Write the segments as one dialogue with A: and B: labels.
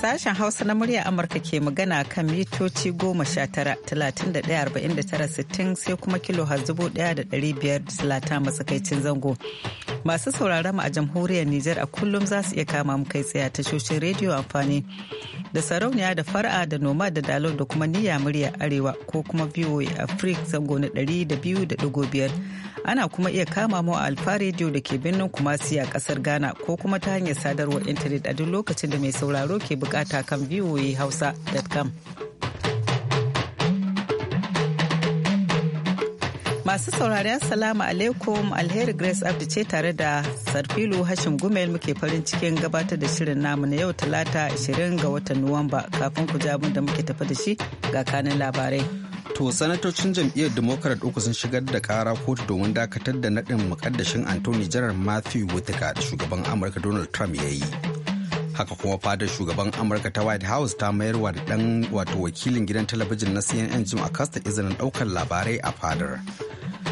A: Sashen Hausa na murya Amurka ke magana kan mitoci goma sha tara talatin da ɗaya arba'in da tara sittin sai kuma kilo har zubo ɗaya da ɗari biyar talata matsakaicin zango. Masu sauraron mu a jamhuriyar Nijar a kullum za su iya kama mu kai tsaye tashoshin rediyo amfani da sarauniya da fara da noma da dalon da kuma niyya murya arewa ko kuma VOA afrik zango na ɗari da da biyu 200.5. Ana kuma iya kama mu a Alfa rediyo da ke birnin Kumasi a kasar Ghana ko kuma ta hanyar sadarwar intanet a duk lokacin da mai sauraro ke bukata kan hausa.com. Masu saurari Assalamu alaikum Alheri Grace Abdi ce tare da Sarfilu Hashim Gumel muke farin cikin gabatar da shirin namu na yau talata 20 ga watan Nuwamba kafin ku ja da muke tafi da shi ga kanin labarai.
B: To sanatocin jam'iyyar Democrat uku sun shigar da kara kotu domin dakatar da naɗin mukaddashin Anthony General Matthew Whitaker da shugaban Amurka Donald Trump ya yi. Haka kuma fadar shugaban Amurka ta White House ta mayar wa dan wato wakilin gidan talabijin na CNN Jim Acosta izinin ɗaukar labarai a fadar.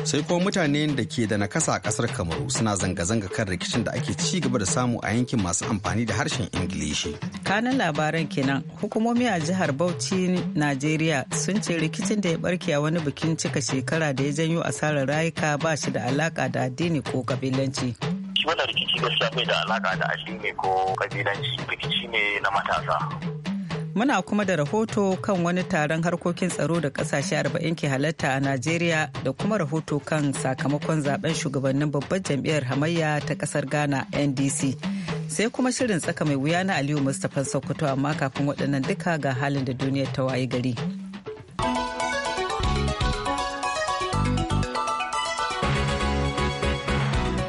B: sai kuma mutane da ke da nakasa a kasar kamaru suna zanga-zanga kan rikicin da ake ci gaba da samu a yankin masu amfani da harshen ingilishi
A: kanan labaran kenan hukumomi a jihar bauchi najeriya sun ce rikicin da ya barke a wani bikin cika shekara da ya janyo asarar rayuka ba shi da alaka da addini ko kabilanci shi wannan
C: rikici gaskiya bai da alaka da addini ko kabilanci rikici ne na matasa
A: Muna kuma da rahoto kan wani taron harkokin tsaro da kasashe 40 ke halatta a Najeriya da kuma rahoto kan sakamakon zaben shugabannin babbar jam'iyyar hamayya ta kasar Ghana NDC. Sai kuma shirin tsaka mai wuya na Aliyu Mustapha Sokoto amma kafin waɗannan duka ga halin da duniya ta wayi gari.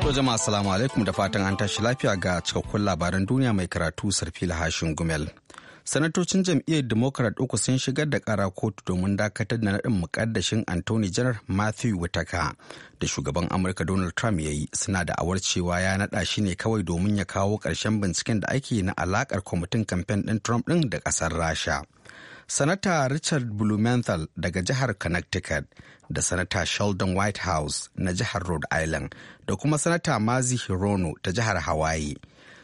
B: jama'a alaikum da fatan an tashi lafiya ga cikakkun labaran duniya mai karatu sarfila hashin gumel. sanatocin jam'iyyar democrat uku sun shigar da kara kotu domin dakatar da naɗin mukaddashin anthony janar matthew wataka da shugaban amurka donald trump ya yi suna da awar cewa ya naɗa shi ne kawai domin ya kawo ƙarshen binciken da ake na alaƙar kwamitin kamfen ɗin trump ɗin da ƙasar rasha sanata richard blumenthal daga jihar connecticut da sanata sheldon whitehouse na jihar rhode island da kuma sanata mazi hirono ta jihar hawaii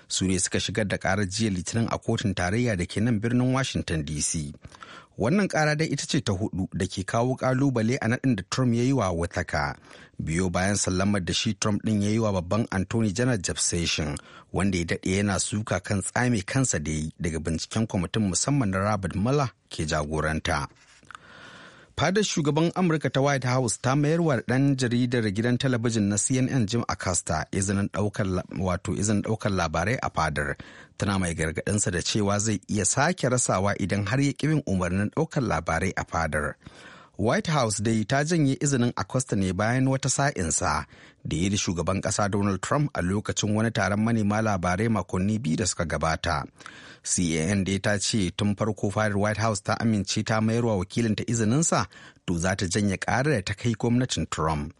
B: su ne suka shigar da karar jiya litinin a kotun tarayya da ke nan birnin washington dc wannan kara dai ita ce ta hudu da ke kawo kalubale a naɗin da trump ya yi wa wataka biyo bayan sallamar da shi trump ɗin ya yi wa babban anthony janar jefferson wanda ya daɗe yana suka kan tsame kansa da yi daga binciken kwamitin musamman na robert mueller ke jagoranta. fadar shugaban amurka ta white house ta mayar wa dan jaridar gidan talabijin na cnn jim acosta izinin daukar wato izinin daukar labarai a fadar tana mai gargadinsa da cewa zai iya sake rasawa idan har ya bin umarnin daukar labarai a fadar white house dai ta janye izinin acosta ne bayan wata sa'insa da ya da shugaban ƙasa donald trump a lokacin wani taron manema labarai makonni biyu da suka gabata can dai ta ce tun farko fadar white house ta amince ta mayarwa wakilinta izininsa to za ta janye karar da ta kai gwamnatin trump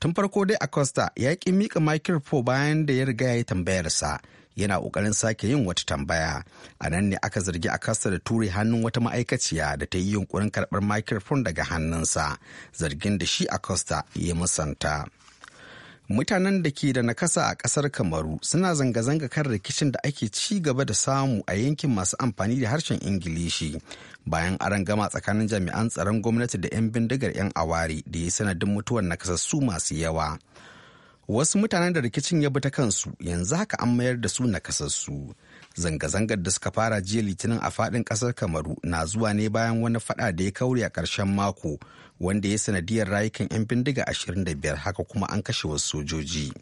B: tun farko dai acosta ya ƙi mika microphone bayan da ya riga ya yi tambayarsa yana kokarin sake yin wata tambaya a nan ne aka zargi a kasa da ture hannun wata ma'aikaciya da ta yi yunkurin karɓar microphone daga hannunsa zargin da shi a costa ya musanta mutanen da ke da nakasa a kasar kamaru suna zanga-zanga kan rikicin da ake ci gaba da samu a yankin masu amfani da harshen ingilishi bayan aron gama tsakanin jami'an tsaron gwamnati da 'yan bindigar 'yan awari da ya sanadin mutuwar nakasassu masu yawa wasu mutanen da rikicin ya bi ta kansu yanzu haka an mayar da su nakasassu zanga-zangar da suka fara jiya litinin a faɗin ƙasar kamaru na zuwa ne bayan wani faɗa da ya kauri a karshen mako wanda ya sanadiyar rayukan 'yan bindiga 25 haka kuma an kashe wasu sojoji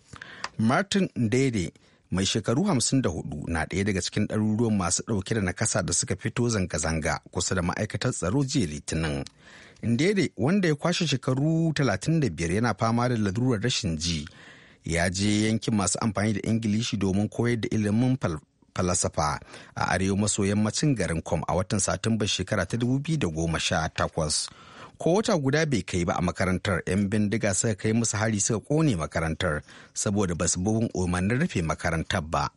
B: martin dede mai shekaru 54 na ɗaya daga cikin ɗaruruwan masu ɗauke da nakasa da suka fito zanga-zanga kusa da ma'aikatar tsaro jiya litinin Ndede wanda ya kwashe shekaru 35 yana fama da lalurar rashin ji ya je yankin masu amfani da Ingilishi domin koyar da ilimin falasafa a arewa maso yammacin garin Kom a watan Satumba shekara ta 2018. Ko wata guda bai kai ba a makarantar 'yan bindiga suka kai musu hari suka kone makarantar saboda basu bugun umarnin rufe makarantar ba.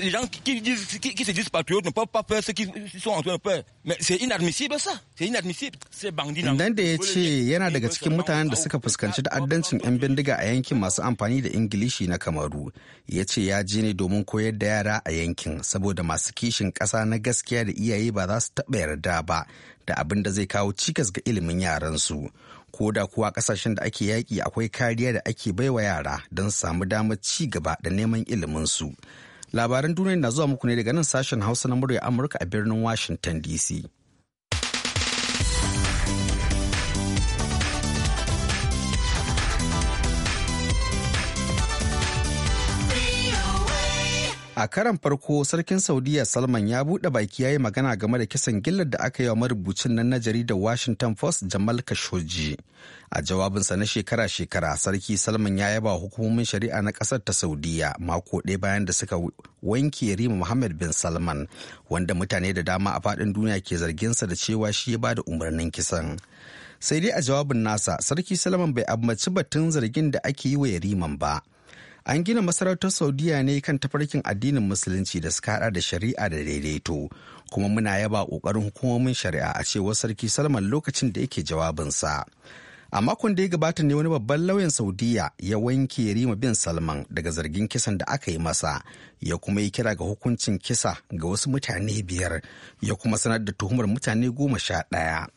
D: Les gens qui, disent, qui, qui se disent patriotes ne peuvent pas faire ce qu'ils sont en train de faire. Mais c'est inadmissible ça. C'est inadmissible. C'est bandit. Dan da
B: ya ce yana daga cikin mutanen da suka fuskanci ta'addancin 'yan bindiga a yankin masu amfani da Ingilishi na Kamaru. Ya ce ya je ne domin koyar da yara a yankin saboda masu kishin ƙasa na gaskiya da iyaye ba za su taɓa yarda ba da abin da zai kawo cikas ga ilimin yaransu. ko da kuwa kasashen da ake yaƙi akwai kariya da ake baiwa yara don samu damar ci gaba da neman iliminsu labaran duniya na zuwa muku ne daga nan sashen hausa na murya amurka a birnin washington dc a karan farko sarkin saudiya salman ya buɗe baki ya yi magana game da kisan gillar da aka yi wa marubucin nan na jaridar washington post jamal khashoggi a jawabinsa na shekara-shekara sarki salman ya yaba hukumomin shari'a na ƙasar ta saudiya mako ɗaya bayan da suka wanke rima muhammad bin salman wanda mutane da dama a faɗin duniya ke zarginsa da cewa shi ya ba da umarnin kisan sai dai a jawabin nasa sarki salman bai ambaci batun zargin da ake yi wa yariman ba An gina masarautar Saudiya ne kan tafarkin addinin Musulunci da suka hada da shari'a da daidaito, kuma muna yaba ƙoƙarin hukumomin shari'a a cewar Sarki Salman lokacin da yake jawabinsa. A makon da ya gabata ne wani babban lauyan Saudiya ya wanke Rima bin Salman daga zargin kisan da aka yi masa, ya kuma yi kira ga hukuncin kisa ga wasu mutane biyar, ya kuma sanar da tuhumar mutane goma sha ɗaya.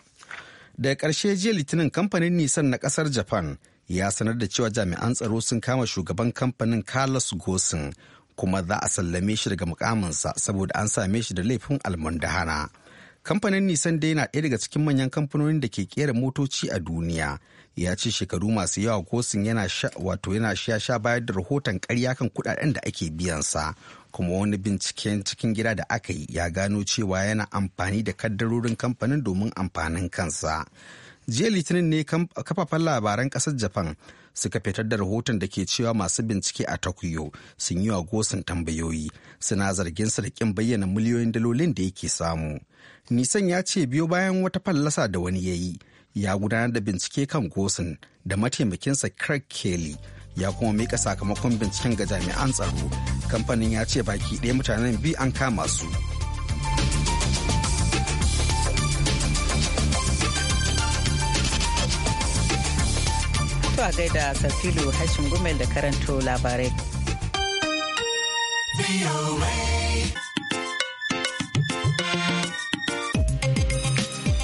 B: Daga ƙarshe jiya Litinin kamfanin Nisan na ƙasar Japan ya sanar da cewa jami'an tsaro sun kama shugaban kamfanin Carlos Gosin kuma za a sallame shi daga mukaminsa saboda an same shi da laifin almundahana. Kamfanin Nisan dai na ɗaya daga cikin manyan kamfanonin da ke kera motoci a duniya. Ya ce shekaru masu yawa Gosin yana sha wato yana sha sha bayar da rahoton ƙarya kan kuɗaɗen da ake biyan sa, Kuma wani binciken cikin gida da aka yi ya gano cewa yana amfani da kaddarorin kamfanin domin amfanin kansa. jiya litinin ne kafafen labaran kasar japan suka fitar da rahoton da ke cewa masu bincike a tokyo sun yi wa gosin tambayoyi suna zargin su bayyana miliyoyin dalolin da yake samu nisan ya ce biyo bayan wata fallasa da wani ya yi ya gudanar da bincike kan gosin da mataimakinsa craig kelly ya kuma mika sakamakon binciken ga jami'an tsaro kamfanin ya ce baki ɗaya mutanen biyu an kama su
A: zuwa a gaida Safilu Hashin Gumel da karanto labarai.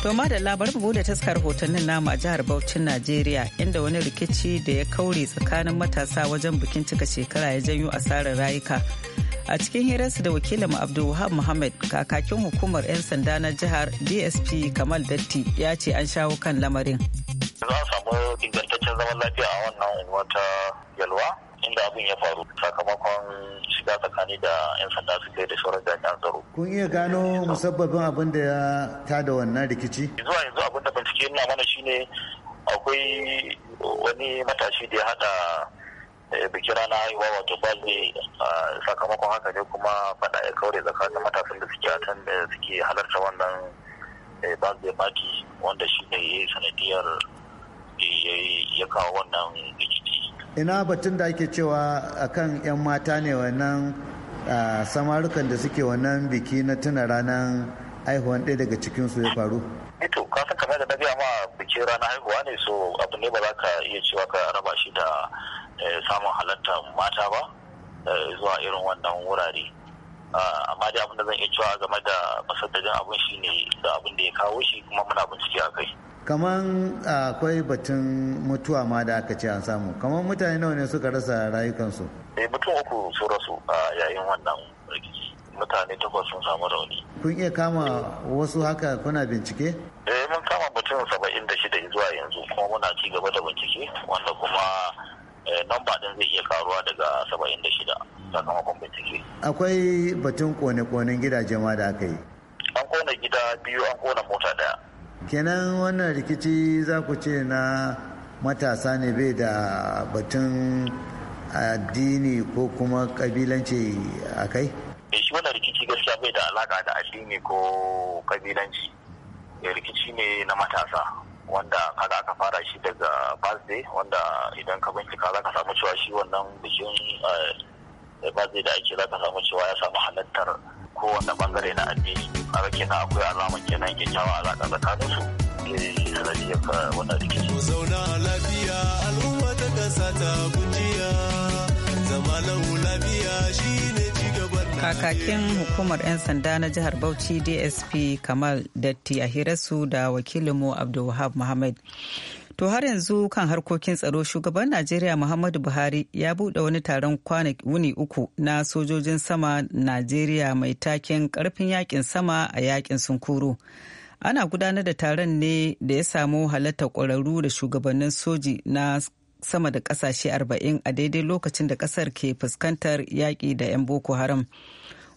A: To da labar bude taskar hotunan namu a jihar Bauchin Najeriya inda wani rikici da ya kaure tsakanin matasa wajen bikin cika shekara ya janyo asarar rayuka. A cikin hirarsa da wakilin Abdulwahab Muhammad kakakin hukumar 'yan sanda na jihar DSP Kamal Datti ya ce an shawo kan lamarin.
C: Za su zaman lafiya a wannan wata yalwa inda abin ya faru sakamakon shiga tsakani da 'yan sanda su kai da sauran jami'an tsaro.
E: Kun iya gano musabbabin abin da ya tada wannan rikici?
C: Zuwa yanzu abin da bincike nuna mana shine akwai wani matashi da ya hada eh, bikin rana haihuwa wato balle sakamakon haka ne kuma faɗa ya kaure tsakanin matasan da suke atan da eh, suke halarta wannan balde eh, baki, wanda shi ne sanadiyar Eh, ya kawo wannan rikici.
E: ina batun da ake cewa akan 'yan mata ne wannan samarukan da suke wannan biki na tuna ranar aihuwan ɗaya daga cikinsu ya faru
C: ito eh ka san kamar da na biya ma bikin ranar haihuwa ne so abu ne ba za ka iya cewa ka raba shi da eh, samun halartar mata ba zuwa irin wannan wurare amma dai abin da zan iya cewa game da masadadin abin shi ne da abin da ya kawo shi kuma muna bincike a kai
E: kaman ah, akwai batun mutuwa ma da aka ce an samu kaman mutane nawa ne suka rasa rayukansu
C: eh mutum uku su rasu a ah, yayin wannan rikici mutane takwas sun samu rauni
E: kun iya kama wasu haka kuna bincike
C: eh mun kama mutum saba'in da shida zuwa yanzu kuma muna ci gaba da bincike wanda kuma eh, namba din zai iya karuwa daga saba'in da shida sakamakon bincike
E: akwai batun kone-konen gidaje ma da aka yi an kona gida biyu an kona mota daya kenan wannan rikici za ku ce na matasa ne bai da batun addini ko kuma kabilanci a kai?
C: Eh, shi wannan rikici gaskiya bai da alaka da addini ko kabilanci eh, rikici ne na matasa wanda kada aka fara shi daga birthday wanda idan ka bincika za ka samu cewa shi wannan bikin eh, birthday da ake za ka samu cewa ya samu halartar kowane bangare na addini a na akwai alamar kenan kyakkyawa alaƙa tsakanin su ke
A: eh, kakakin hukumar 'yan sanda na jihar bauchi dsp kamal datti a hirarsu da wakilinmu abdulwahab muhammad To har yanzu kan harkokin tsaro shugaban Najeriya Muhammadu Buhari ya buɗe wani taron kwana wuni uku na sojojin sama Najeriya mai taken karfin yakin sama a yakin sunkuru. Ana gudanar da taron ne da ya samu halartar ƙwararru da shugabannin soji na sama da ƙasashe arba'in a daidai lokacin da ƙasar ke fuskantar yaƙi da 'yan Boko Haram.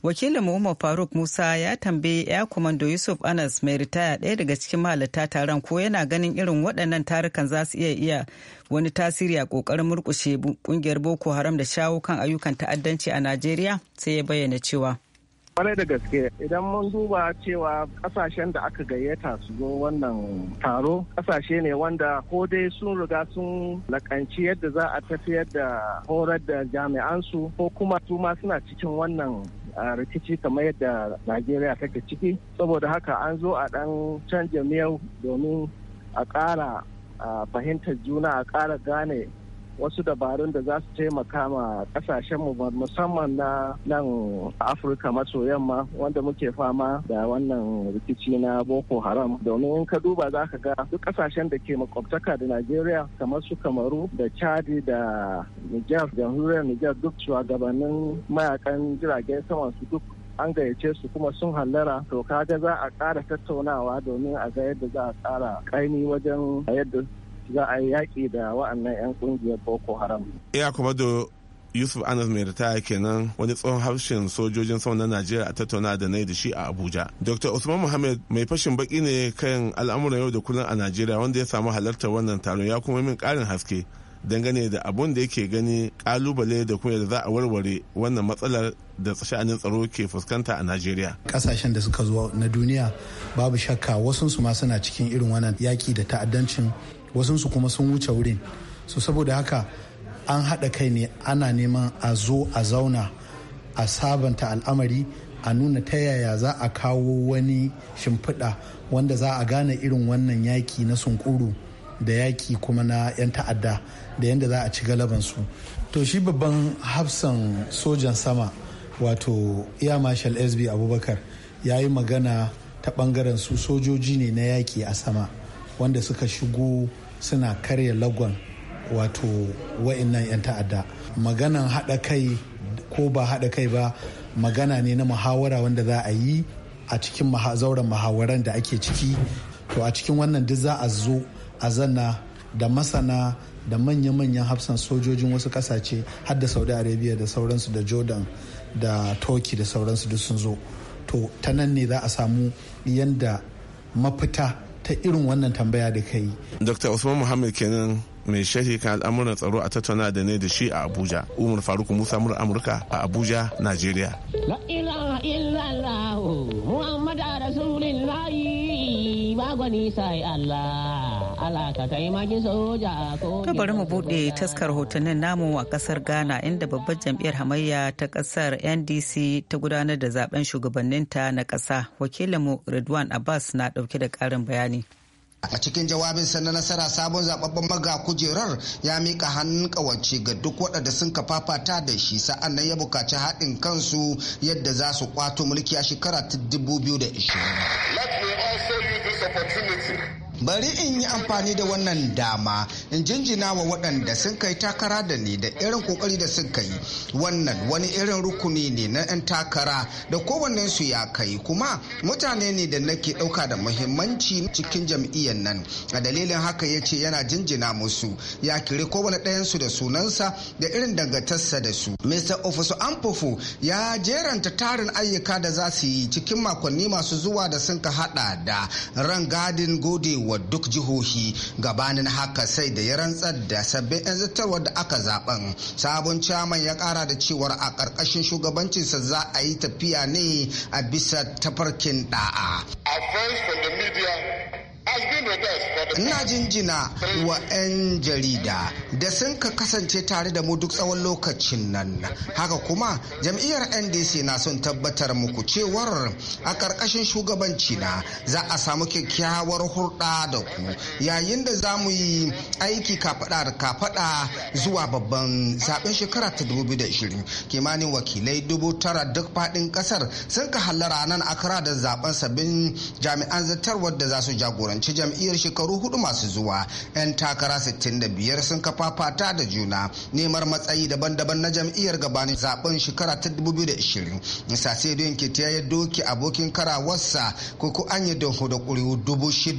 A: wakilin muhammad faruk musa ya tambayi ya kwamando yusuf anas mai ritaya ɗaya daga cikin mahalarta taron ko yana ganin irin waɗannan tarukan za su iya iya wani tasiri a ƙoƙarin murƙushe ƙungiyar boko haram da shawo kan ayyukan ta'addanci a najeriya sai ya bayyana cewa
C: kwarai da gaske idan mun duba cewa kasashen da aka gayyata su zo wannan taro kasashe ne wanda ko dai sun riga sun lakanci yadda za a tafiyar da horar da jami'ansu ko kuma su ma suna cikin wannan a rikici kamar yadda najeriya take ciki saboda haka an zo a dan canja miyau domin a ƙara fahimtar juna a ƙara gane wasu dabarun da za su taimaka ma kasashen mu musamman na nan afirka maso yamma wanda muke fama da wannan rikici na boko haram domin in ka duba za ka ga duk kasashen da ke makwabtaka da najeriya kamar su kamaru da chadi da niger jamhuriyar niger duk shugabannin mayakan jiragen saman su duk an gayyace su kuma sun hallara to kaga za a ƙara tattaunawa domin a ga yadda za a kara ƙaini wajen yadda za a yi yaƙi da wa'annan 'yan ƙungiyar boko haram
F: iya kuma da yusuf anas mai ritaya kenan wani tsohon harshen sojojin sama na najeriya a tattauna da nai da shi a abuja dr usman muhammad mai fashin baki ne kan al'amuran yau da kullum a najeriya wanda ya samu halartar wannan taron ya kuma min ƙarin haske dangane da abun da yake gani kalubale da kuma da za a warware wannan matsalar da sha'anin tsaro ke fuskanta a Najeriya.
G: Kasashen da suka zo na duniya babu shakka wasu su ma suna cikin irin wannan yaki da ta'addancin wasansu kuma sun wuce wurin so saboda haka an haɗa kai ne ana neman a zo a zauna a sabanta al'amari a nuna ta yaya za a kawo wani shimfiɗa wanda za a gane irin wannan yaki na sunkuru da yaki kuma na 'yan ta'adda da yadda za a ci galabansu to shi babban hafsan sojan sama wato iya marshal sb abubakar ya yi magana ta ɓangaren su sojoji ne na yaki a sama wanda suka shigo suna karya lagon wato wa'innan 'yan ta'adda maganan haɗa kai ko ba haɗa kai ba magana ne na muhawara wanda za a yi a cikin zauren muhawaran da ake ciki to a cikin wannan duk za a zo a zanna da masana da manya-manyan hafsan sojojin wasu ƙasashe har da saudi arabia da sauransu da jordan da turkey da sauransu duk sun zo to ta nan ne za a samu yanda mafita ta irin wannan tambaya da ka yi.
F: Dr. Usman Muhammad kenan mai shehi kan al'amuran tsaro a tattauna da ne da shi a Abuja. Umar Faruk Musa mura Amurka a Abuja, Najeriya.
A: La ilaha illallah
H: Allah. talaka bari mu bude
A: taskar hotunan namu a kasar ghana inda babbar jam'iyyar hamayya ta kasar ndc ta gudanar da zaben shugabanninta na kasa wakilinmu ridwan abbas na dauke da karin bayani a cikin jawabin na nasara sabon zababben maga kujerar ya
H: mika hannun kawance ga duk waɗanda sun ka fafata da shi sa'an nan ya buƙaci haɗin kansu yadda za su kwato mulki a shekara ta 2020 bari in yi amfani da wannan dama in jinjina wa waɗanda sun kai takara da ni da irin kokari da sun kai wannan wani irin rukuni ne na 'yan takara da kowannen su ya kai kuma mutane ne da nake ɗauka da muhimmanci cikin jam'iyyar nan a dalilin haka ya ce yana jinjina musu ya kiri kowane ɗayansu da sunansa da irin dangantarsa da su mr ofisu amfofo ya jeranta tarin ayyuka da za su yi cikin makonni masu zuwa da sun ka haɗa da rangadin godewa wa duk jihohi gabanin haka sai da ya rantsar da sabbin 'yan zartarwar da aka zaben sabon caman ya kara da cewar a ƙarƙashin shugabancinsa za a yi tafiya ne a bisa tafarkin da'a. Ina jinjina wa 'yan jarida da sun ka kasance tare da mu duk tsawon lokacin nan. Haka kuma jam'iyyar NDC na son tabbatar muku cewar a ƙarƙashin shugabanci na za a samu kyakkyawar hulɗa da ku yayin da za mu yi aiki kafaɗa da kafaɗa zuwa babban zaɓen shekara ta 2020 kimanin wakilai dubu tara duk faɗin ƙasar sun ka hallara nan akara da zaɓen sabbin jami'an zartarwar da za su jagora jagoranci jam'iyyar shekaru hudu masu zuwa 'yan takara 65 sun kafa fata da juna nemar matsayi daban-daban na jam'iyyar gabanin zaben shekara ta 2020 misase don ke ta ya doki abokin karawarsa koko an yi don hudu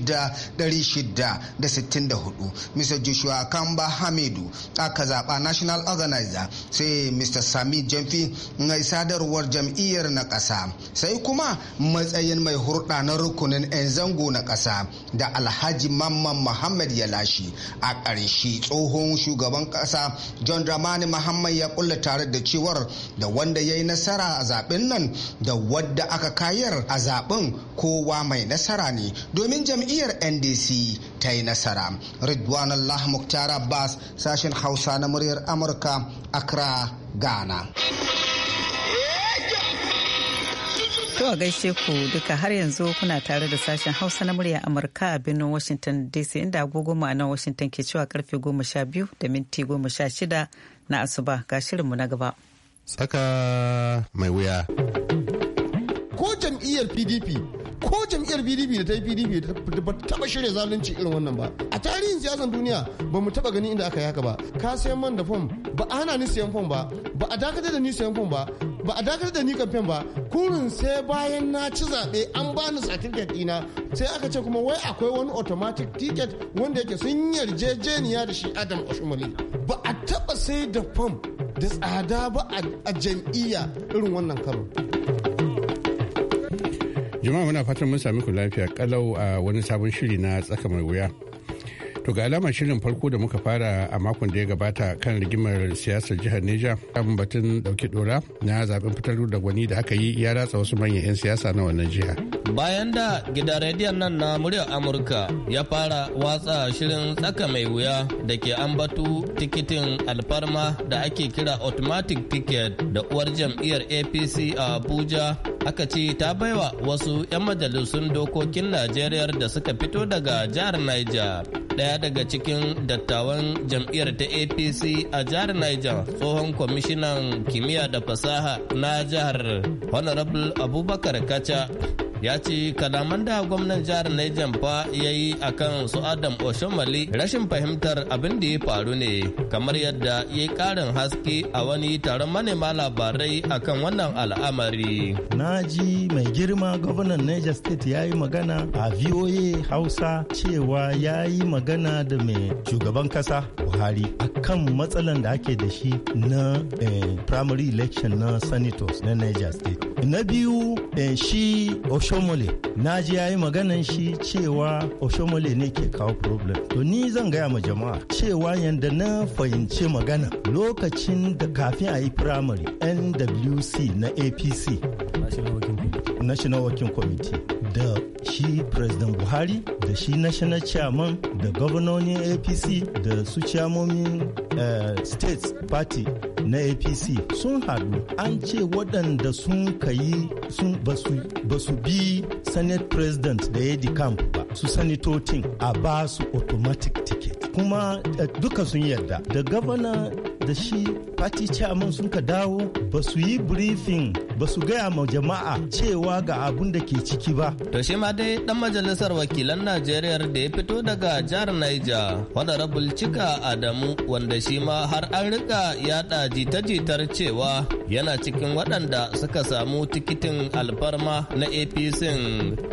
H: da 6,664 mr joshua kamba hamidu aka zaba national organizer sai mr sami jamfi mai sadarwar jam'iyyar na kasa sai kuma matsayin mai hurɗa na rukunin 'yan zango na kasa. da alhaji mamman muhammad ya lashe a ƙarshe tsohon shugaban ƙasa john dramani muhammad ya kulla tare da cewar da wanda ya yi nasara a zaben nan da wadda aka kayar a zaben kowa mai nasara ne domin jam'iyyar ndc ta yi nasara ridwan allah muktar abbas sashen hausa na muryar amurka accra ghana
A: To a gaishe ku duka har yanzu kuna tare da sashen Hausa na murya Amurka a birnin Washington DC inda agogo ma'anar Washington ke cewa karfe goma sha biyu da minti goma sha shida na asuba ga shirinmu na gaba.
I: Tsaka mai wuya.
A: Ko jam'iyyar PDP ko jam'iyyar pdp da ta yi pdp
J: da ba taba shirya zalunci irin wannan ba a tarihin siyasan duniya ba mu taba gani inda aka yi haka ba ka sayan man da fom ba a hana ni sayan fom ba ba a dakatar da ni sayan fom ba ba a dakatar da ni kamfen ba kurin sai bayan na ci zaɓe an bani certificate ɗina sai aka ce kuma wai akwai wani automatic ticket wanda yake sun yarjejeniya da shi adam oshumale ba a taɓa sai da fom da tsada ba a jam'iyya irin wannan karo.
I: Jama'a muna fatan mun sami ku lafiya kalau a wani sabon shiri na tsaka mai wuya. To ga alamar shirin farko da muka fara a makon da ya gabata kan rigimar siyasar jihar Neja kan batun dauki dora na zaben fitar da gwani da aka yi ya ratsa wasu manyan 'yan siyasa na wannan jiha. Bayan da gidan rediyon nan
K: na muryar Amurka ya fara watsa shirin tsaka mai wuya da ke ambatu tikitin alfarma da ake kira automatic ticket da uwar jam'iyyar APC a Abuja aka ce ta baiwa wasu 'yan majalisun dokokin najeriya da suka fito daga jihar niger daya daga cikin dattawan jam'iyyar ta apc a jihar niger tsohon kwamishinan kimiyya da fasaha na jihar honorable abubakar kacha ya ce kalaman da gwamnan jihar Niger fa ya yi akan su Adam Oshomali rashin fahimtar abin da ya faru ne kamar yadda ya yi karin haske a wani taron manema labarai akan wannan al'amari.
D: naji mai girma gwamnan Niger State ya yi magana a VOA Hausa cewa ya yi magana da mai shugaban kasa Buhari akan matsalan da ake da shi na eh, primary election na senators na Niger State. na biyu eh, shi oshomole na ji ya yi maganan shi cewa oshomole ne ke kawo problem to ni zan gaya ma jama'a cewa yadda na fahimci magana lokacin da kafin a yi primary nwc na apc national working committee da shi president buhari da shi national chairman da gwamnonin apc da su chairmomin uh, eh, state party na apc sun haɗu an ce waɗanda sun kayi sun ba su bi senate president da ya camp ba su sanitotin a ba su automatic ticket kuma eh, duka sun yarda da governor da shi party chairman sun ka dawo ba su yi briefing ba su gaya ma jama'a cewa ga abun da ke ciki ba.
K: To shi ma dai dan majalisar wakilan Najeriya da ya fito daga jihar wanda rabul cika Adamu wanda shi ma har an rika yaɗa jita-jitar cewa yana cikin waɗanda suka samu tikitin alfarma na APC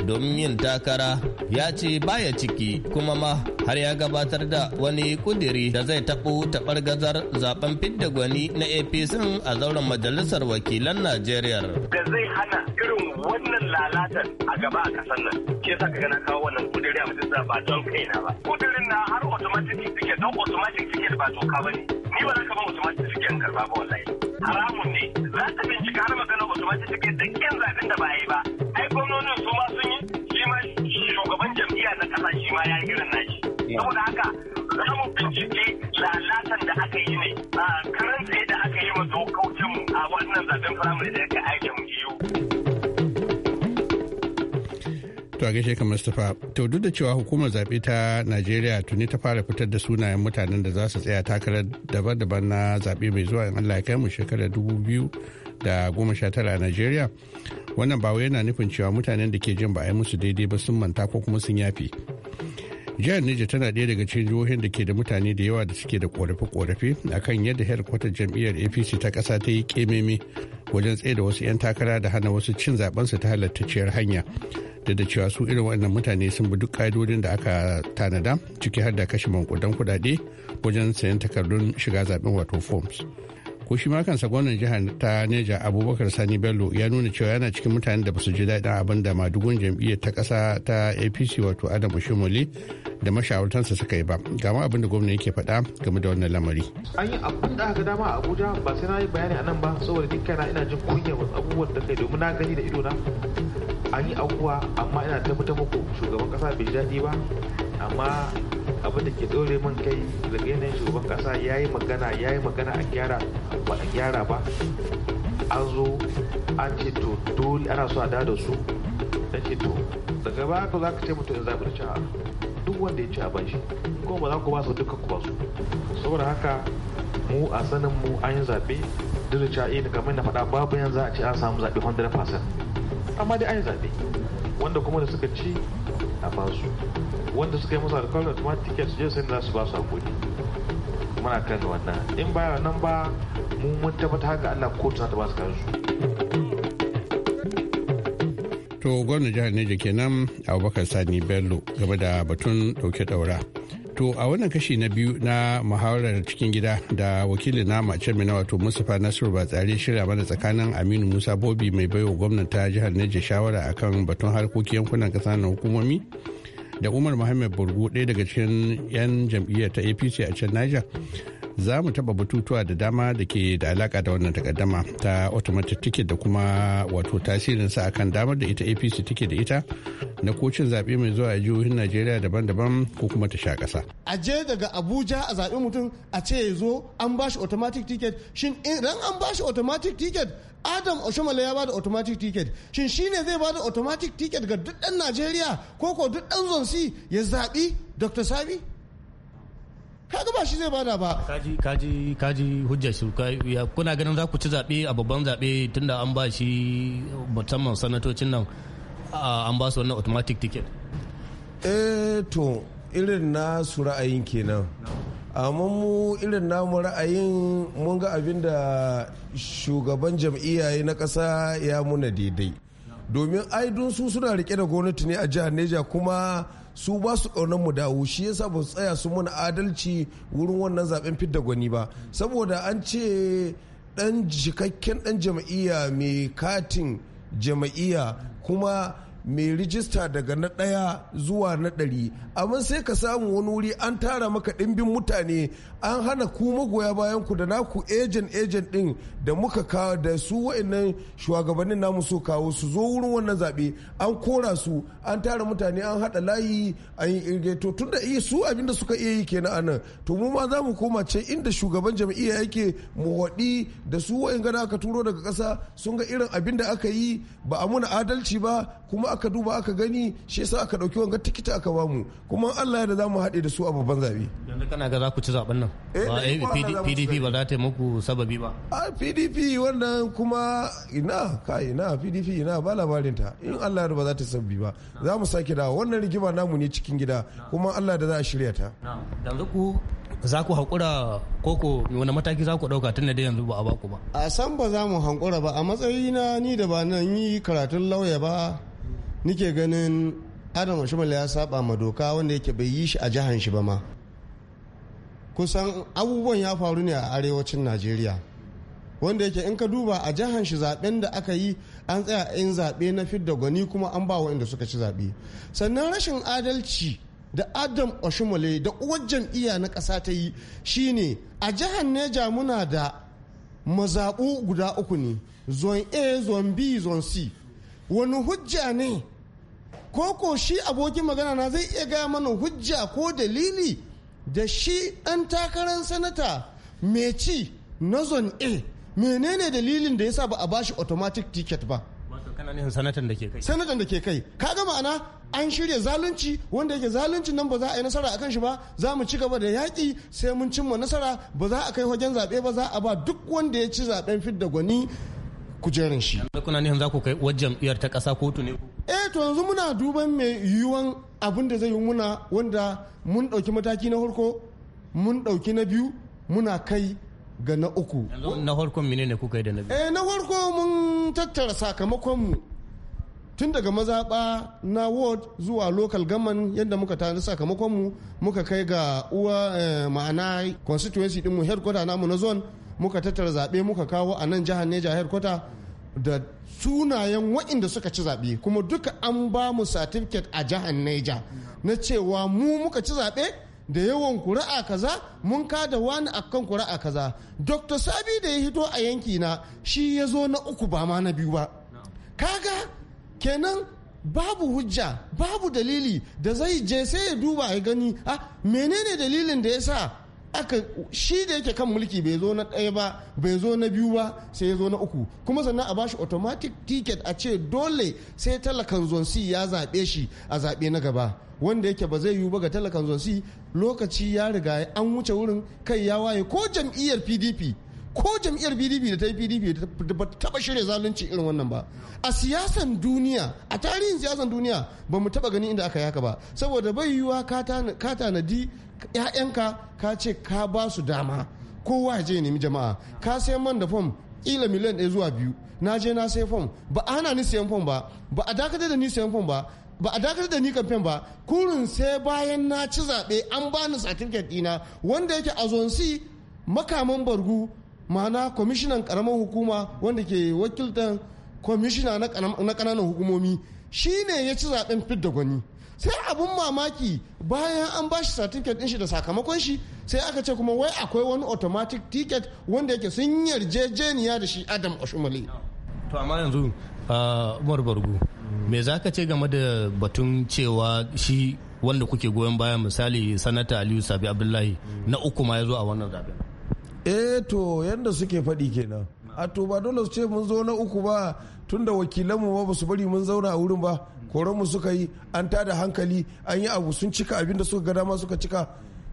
K: domin yin takara ya ce baya ciki kuma ma har ya gabatar da wani kudiri da zai taɓo taɓar gazar zaben fidda gwani na APC a zauren majalisar wakilan Najeriya.
C: Nijar. Da zai hana irin wannan lalatar a gaba a kasan nan. Ke sa ka gana kawo wannan kudirin a majalisa ba don kaina ba. Kudirin na har automatic suke don automatic suke ba to ka ne. Ni ba za ka ba automatic suke karba ba wallahi.
D: Haramun ne. Za ta bincika har magana automatic
C: suke da kyan zaɓen da ba a yi ba. Ai gwamnonin su ma sun yi shi ma shugaban jam'iyya na kasa shi ma ya yi irin nashi. Saboda haka za mu bincike lalatan da aka yi ne a kan
I: a gaishe ka Mustapha. To duk da cewa hukumar zaɓe ta Najeriya tuni ta fara fitar da sunayen mutanen da za su tsaya takarar daban-daban na zaɓe mai zuwa in Allah ya kai mu shekarar dubu biyu da goma sha tara a Najeriya. Wannan bawai yana nufin cewa mutanen da ke jin ba a yi musu daidai ba sun manta ko kuma sun yafi. jihar nija tana ɗaya daga cikin jihohin da ke da mutane da yawa da suke da korafe-korafe akan yadda headquarter jam'iyyar APC ta ƙasa ta yi kememe wajen tsaye da wasu 'yan takara da hana wasu cin zaɓensu ta halattacciyar hanya. duk da cewa su irin wannan mutane sun bi duk ƙa'idodin da aka tanada ciki har da kashe mankudan kuɗaɗe wajen sayan takardun shiga zaben wato forms ko shi ma kansa gwamnan jihar ta neja abubakar sani bello ya nuna cewa yana cikin mutanen da basu ji daɗin abin da madugun jam'iyyar ta ƙasa ta apc wato adamu shimoli da mashawartansa suka yi ba ga ma abin da gwamna yake faɗa game da wannan lamari
G: an yi abin da aka dama a abuja ba sai na yi bayani a nan ba saboda dukkan ina jin kunya wasu abubuwan da kai domin na gani da ido na an yi abubuwa amma ina tabbatar muku shugaban kasa bai daɗi ba amma abin da ke ɗore min kai daga yanayin shugaban kasa ya yi magana ya yi magana a gyara ba a gyara ba an zo an ce to dole ana so a da da su na ce to daga ba ka za ka ce mutum zaɓi da cewa duk wanda ya ci a bashi ko ba za ku ba su duka ku ba su saboda haka mu a sanin mu an yi zaɓe duk da cewa eh kamar na faɗa babu yanzu a ce an samu zaɓe 100% amma dai an zaɓe wanda kuma da suka ci a basu wanda suka yi masa alkawarin kuma tiket je sai za su ba su hakuri muna kan wannan in ba nan ba mu mun tabbata haka Allah kotu za ta ba su kansu
I: to gwamnan jihar Neja kenan Abubakar Sani Bello game da batun dauke daura. To a wannan kashi na biyu na muhawarar cikin gida da wakilin na mace mina wato musufa Nasiru ba tsare shirya mana tsakanin Aminu Musa Bobi mai baiwa gwamnan ta jihar Niger shawara akan batun harkokin yankunan kasa na hukumomi da Umar Muhammad Burgu ɗaya daga cikin 'yan jam'iyyar ta APC a can Niger za mu taɓa batutuwa da dama da ke da alaka da wannan takaddama ta automatic ticket da kuma wato tasirinsa akan damar da ita apc take da ita na kocin zaɓe mai zuwa a jihohin najeriya daban-daban ko kuma ta sha ƙasa.
J: a je daga abuja a zaɓi mutum a ce ya zo an ba shi automatic ticket shin idan an ba shi automatic ticket adam oshomale ya ba da automatic ticket shin ne zai bada automatic ticket ga duk ɗan najeriya ko ko duk ɗan zonsi ya zaɓi dr sabi kaga ba shi zai bada ba kaji
L: kaji kaji hujja shi kuna ganin za ku ci zaɓe a babban zaɓe tunda an ba shi
F: musamman sanatocin nan
L: an ba su wannan automatic ticket
F: eh to irin na su ra'ayin kenan amma mu irin namu ra'ayin mun ga abin da shugaban jam'iyya na kasa ya muna daidai domin aidun su suna rike da gwamnati ne a jihar neja kuma su ba su kaunar mu dawo shi yasa ba su tsaya su muna adalci wurin wannan zaben fidda gwani ba saboda an ce dan jikakken dan jam'iyya mai katin jam'iyya kuma mai rijista daga na ɗaya zuwa na ɗari amma sai ka samu wani wuri an tara maka ɗimbin mutane an hana ku magoya bayan ku da naku ejen ejen ɗin da muka kawo da su wa'annan shugabannin namu so kawo su zo wurin wannan zaɓe an kora su an tara mutane an haɗa layi an yi irge to tun da su abin da suka iya yi kenan anan to mu ma za mu koma ce inda shugaban jam'iyya yake mu waɗi da su wa'in gana aka turo daga ƙasa sun ga irin abin da aka yi ba a muna adalci ba kuma aka duba aka gani shi yasa aka dauki wanga tikiti aka ba mu kuma Allah ya da zamu haɗe da su a babban zabe
L: yanzu kana ga za ku ci zaben nan PDP eh, eh, ba za ta yi muku sababi ba a
F: PDP wannan kuma ina ka ina PDP ina ba labarin ta in Allah ya da ba za ta sababi ba za mu sake da wannan rigima namu ne cikin gida kuma Allah da za a shirya ta yanzu ku za ku haƙura koko
L: wani mataki za ku ɗauka tun da yanzu ba a baku ba
J: a san ba za mu hankura ba a matsayina ni da ba nan yi karatun lauya ba nike ganin adam shimal ya saba ma doka wanda yake bai yi shi a jihar shi ba ma kusan abubuwan ya faru ne a arewacin najeriya wanda yake in ka duba a jihar shi zaben da aka yi an tsaya in zaɓe na fidda gwani kuma an ba wa inda suka ci zaɓe sannan rashin adalci da adam oshimole da uwar jam'iyya na ƙasa ta yi shine a jihar neja muna da mazaɓu guda uku ne zon a zon b zon c wani hujja ne ko ko shi abokin magana na zai iya gaya mana hujja ko dalili da shi ɗan takarar sanata meci ci na zone a menene dalilin da ya sa ba a bashi automatic ticket ba
L: kana sanatan da ke
J: kai ka da ke ma'ana an shirya zalunci wanda yake zalunci nan ba za a yi nasara akan shi ba za mu ci gaba da yaƙi sai mun cimma nasara ba za a kai wajen zaɓe ba za a ba duk wanda ya ci zaɓen fidda gwani kujerin shi.
L: Kuna nihin za ku kai wajen jam'iyyar ta ƙasa kotu ne?
J: Eh to yanzu muna duban mai yiwuwan abin da zai yi muna wanda mun ɗauki mataki na farko mun ɗauki na biyu muna kai ga na uku.
L: Na farkon menene kuka yi da na biyu?
J: Eh na farko mun tattara sakamakon mu tun daga mazaɓa na ward zuwa local gaman yadda muka tare sakamakonmu muka kai ga uwa eh, ma'ana constituency ɗinmu headquarter namu na zone muka tattara zaɓe muka kawo a nan jihar neja headquarter da sunayen waɗanda suka ci zaɓe kuma duka an ba mu certificate a jihar neja na cewa mu muka ci zaɓe da yawan kuri'a kaza mun kada wani akan kuri'a kaza dr sabi da ya hito a yanki na shi ya zo na uku ba ma na biyu ba kaga kenan babu hujja babu dalili da zai je sai ya duba ya gani a ah, menene dalilin da ya sa aka shi da yake kan mulki bai zo na ɗaya ba bai zo na biyu ba sai ya zo na uku kuma sannan a bashi automatic ticket a ce dole sai talakan zonsi ya zaɓe shi a zaɓe na gaba wanda yake ba zai yiwu ba ga talakan zonsi lokaci ya riga an wuce wurin kai ya waye ko jam'iyyar pdp ko jam'iyyar pdp da ta yi pdp ba taba shirya zalunci irin wannan ba a siyasan duniya a tarihin siyasan duniya ba mu taba gani inda aka yaka ba saboda bai yiwuwa ka tanadi 'ya'yanka ka ce ka ba su dama kowa je nemi jama'a ka sayan man da fom kila miliyan ɗaya zuwa biyu na je na sayan fom ba a hana ni sayan fom ba ba a dakatar da ni sayan fom ba ba a dakatar da ni kamfen ba kurin sai bayan na ci zaɓe an bani satifiket ɗina wanda yake a zonsi makaman bargu ma'ana kwamishinan karamar hukuma wanda ke wakiltar kwamishina na kananan hukumomi shi ne ya ci zaɓen zaben da gwani sai abun mamaki bayan an bashi satifiket din shi da sakamakon shi sai aka ce kuma wai akwai wani automatic ticket wanda yake sun yarjejeniya da shi adam oshumale
L: to amma yanzu umar bargu me za ka ce game da batun cewa shi wanda kuke goyon baya misali sanata aliyu sabi abdullahi na uku ma ya zo a wannan zaben
F: eh to yadda suke faɗi kenan a to ba dole su ce mun zo na uku ba tunda wakilanmu ba su bari mun zauna a wurin ba mu suka yi an tada hankali an yi abu sun cika abin da suka ga dama suka cika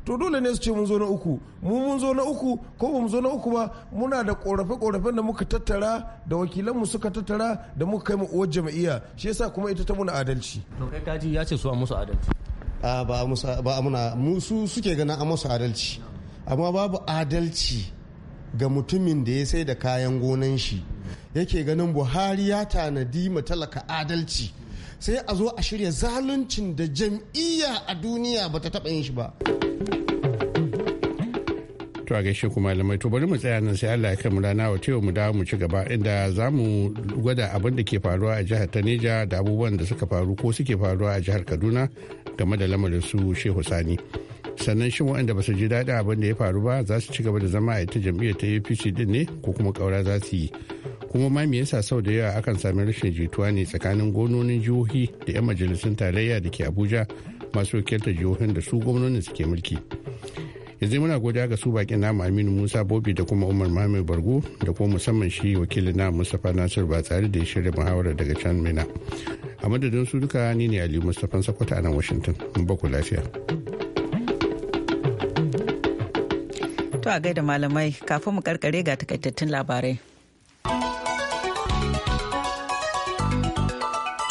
F: to dole ne su ce mun zo na uku mu mun zo na uku ko ba mu zo na uku ba muna da korafe korafen da muka tattara da wakilan mu suka tattara da muka kai mu uwar jami'a shi yasa kuma ita ta muna adalci
J: to kai kaji ya ce su a musu adalci a ba a musu ba a muna mu su suke ganin a musu adalci amma babu adalci ga mutumin da ya sai da kayan gonan shi yake ganin buhari ya tanadi talaka adalci sai a zo a shirya zaluncin da jam'iyya a duniya ba ta taɓa yin shi ba
I: to a gaishe kuma malamai to bari mu tsaya nan sai Allah ya kai mu rana wa mu dawo mu ci gaba inda za mu gwada abin da ke faruwa a jihar ta Neja da abubuwan da suka faru ko suke faruwa a jihar Kaduna game da lamarin su Shehu Sani. sannan shin waɗanda ba su ji daɗi abin da ya faru ba za su ci gaba da zama a ita jam'iyyar ta apc din ne ko kuma ƙaura za su yi kuma ma me yasa sau da yawa akan sami rashin jituwa ne tsakanin gononin jihohi da 'yan majalisun tarayya da ke abuja masu wakiltar jihohin da su gwamnonin suke mulki yanzu muna godiya ga su bakin namu aminu musa bobi da kuma umar mamu bargo da kuma musamman shi wakilin na mustapha nasiru ba tsari da ya shirya muhawarar daga can mina a madadin su duka ni ne ali mustapha sakwata a nan washington mun baku lafiya
A: To a gaida malamai kafin mu karkare ga takaitattun labarai.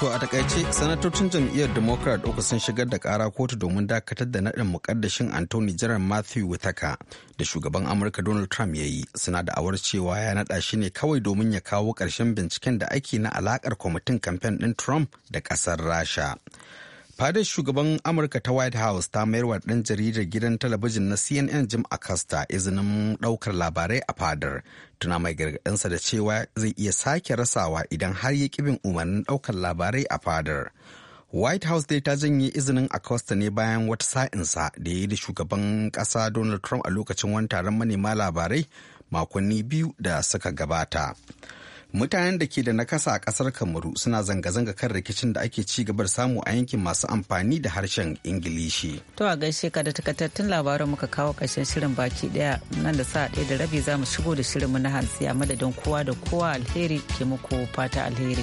B: To a takaice sanatocin jam'iyyar Democrat uku sun shigar da kara kotu domin dakatar da naɗin mukaddashin Anthony Jiran Matthew Whitaker da shugaban Amurka Donald Trump ya yi suna da awar cewa ya naɗa shi ne kawai domin ya kawo ƙarshen binciken da ake na alakar kwamitin kamfen ɗin Trump da ƙasar Rasha. fadar shugaban amurka ta white house ta mayar wa ɗan jaridar gidan talabijin na cnn jim acosta izinin ɗaukar labarai a fadar tuna mai gargaɗinsa da cewa zai iya sake rasawa idan har yi kibin umarnin ɗaukar labarai a fadar white house dai ta janye izinin acosta ne bayan wata sa'insa da ya yi da shugaban ƙasa donald trump a lokacin wani taron manema labarai makonni biyu da suka gabata. mutanen da ke da nakasa a kasar kamaru suna zanga-zanga kan rikicin da ake ci gaba samu a yankin masu amfani da harshen ingilishi
A: to a gaishe ka da takaitattun labaran muka kawo ƙarshen shirin baki ɗaya nan da sa'a ɗaya da rabi za mu shigo da shirin mu na hantsi a madadin kowa da kowa alheri ke muku fata alheri